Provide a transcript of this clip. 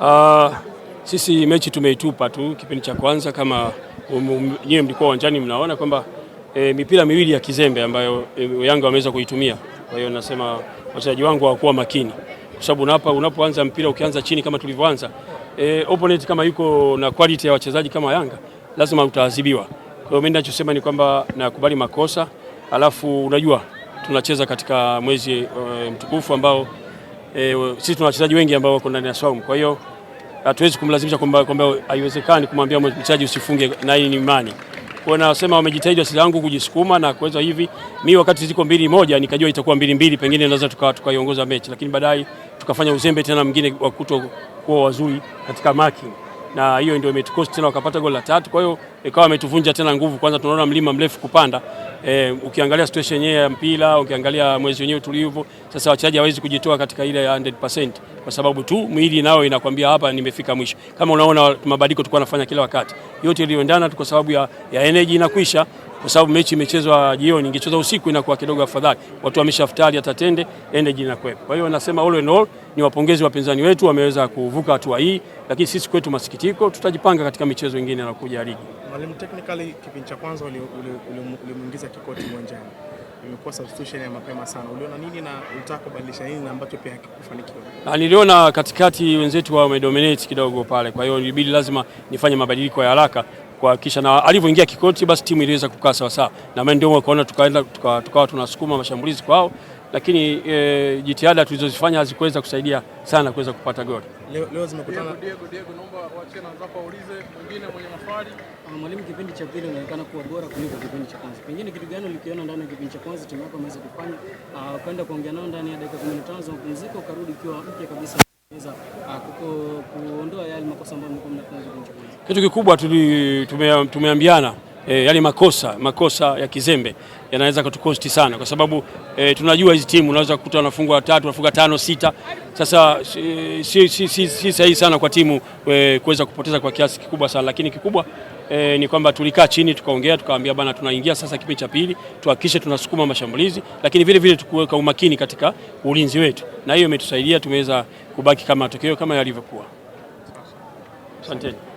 Uh, sisi mechi tumeitupa tu kipindi cha kwanza kama um, um, nyewe mlikuwa uwanjani mnaona kwamba e, mipira miwili ya kizembe ambayo e, Yanga wameweza kuitumia. Kwa hiyo nasema wachezaji wangu hawakuwa makini, kwa sababu unapo unapoanza mpira ukianza chini kama tulivyoanza e, opponent kama yuko na quality ya wachezaji kama Yanga lazima utaadhibiwa. Kwa hiyo mimi ninachosema ni kwamba nakubali makosa, alafu unajua tunacheza katika mwezi e, mtukufu ambao e, sisi tuna wachezaji wengi ambao wako ndani ya saumu, kwa hiyo hatuwezi kumlazimisha kwamba kwamba haiwezekani kumwambia mchezaji usifunge, na hii ni imani. Kwa nasema wamejitahidi wachezaji wangu kujisukuma na kuweza hivi. mi wakati ziko mbili moja nikajua itakuwa mbili mbili, pengine naweza tukawa tukaiongoza mechi, lakini baadaye tukafanya uzembe tena mwingine wa kuto kuwa wazuri katika marking na hiyo ndio imetukosti tena, wakapata goli la tatu. Kwa hiyo ikawa ametuvunja tena nguvu, kwanza tunaona mlima mrefu kupanda. E, ukiangalia situation yenyewe ya mpira, ukiangalia mwezi wenyewe tulivyo sasa, wachezaji hawezi kujitoa katika ile 100% kwa sababu tu mwili nao inakwambia hapa nimefika mwisho. Kama unaona mabadiliko tulikuwa nafanya kila wakati, yote iliyoendana tu kwa sababu ya, ya energy inakwisha kwa sababu mechi imechezwa jioni, ingechezwa usiku inakuwa kidogo afadhali, watu wameshaftari, atatende tende energy na kwepo. Kwa hiyo nasema all in all ni wapongezi wapinzani wetu, wameweza kuvuka hatua hii, lakini sisi kwetu masikitiko, tutajipanga katika michezo mingine na kuja ligi. Mwalimu, technically kipindi cha kwanza ulimuingiza Kikoti uwanjani imekuwa substitution ya mapema sana. Uliona nini na unataka kubadilisha nini na ambacho pia hakikufanikiwa? Na niliona katikati wenzetu wao wamedominate kidogo pale, kwa hiyo ilibidi lazima nifanye mabadiliko ya haraka kuhakikisha na alivyoingia Kikwete basi timu iliweza kukaa sawa sawa, na maana ndio ukaona tukaenda tukawa tuka, tuka, tunasukuma mashambulizi kwao, lakini e, jitihada tulizozifanya hazikuweza kusaidia sana kuweza kupata goli leo. Leo zimekutana Diego Diego, naomba waache na wenzako waulize mwingine mwenye mafari. Ah, mwalimu, kipindi cha pili inaonekana kuwa bora kuliko kipindi cha kwanza, pengine kitu gani ulikiona ndani ya kipindi cha kwanza timu yako imeweza kufanya? Uh, kwenda kuongea nao ndani ya dakika 15 za kupumzika, ukarudi ukiwa mpya kabisa kuweza uh, kuondoa yale makosa ambayo mlikuwa mnafanya kipindi cha kwanza kitu kikubwa tumeambiana e, eh, yani makosa makosa ya kizembe yanaweza kutukosti sana, kwa sababu e, tunajua hizi timu unaweza kukuta wanafunga watatu wanafunga tano sita. Sasa si, si, si, si, si sahihi sana kwa timu e, kuweza kupoteza kwa kiasi kikubwa sana, lakini kikubwa e, ni kwamba tulikaa chini tukaongea, tukaambia bana, tunaingia sasa kipindi cha pili, tuhakikishe tunasukuma mashambulizi, lakini vile vile tukuweka umakini katika ulinzi wetu, na hiyo imetusaidia tumeweza kubaki kama matokeo kama yalivyokuwa. Asanteni.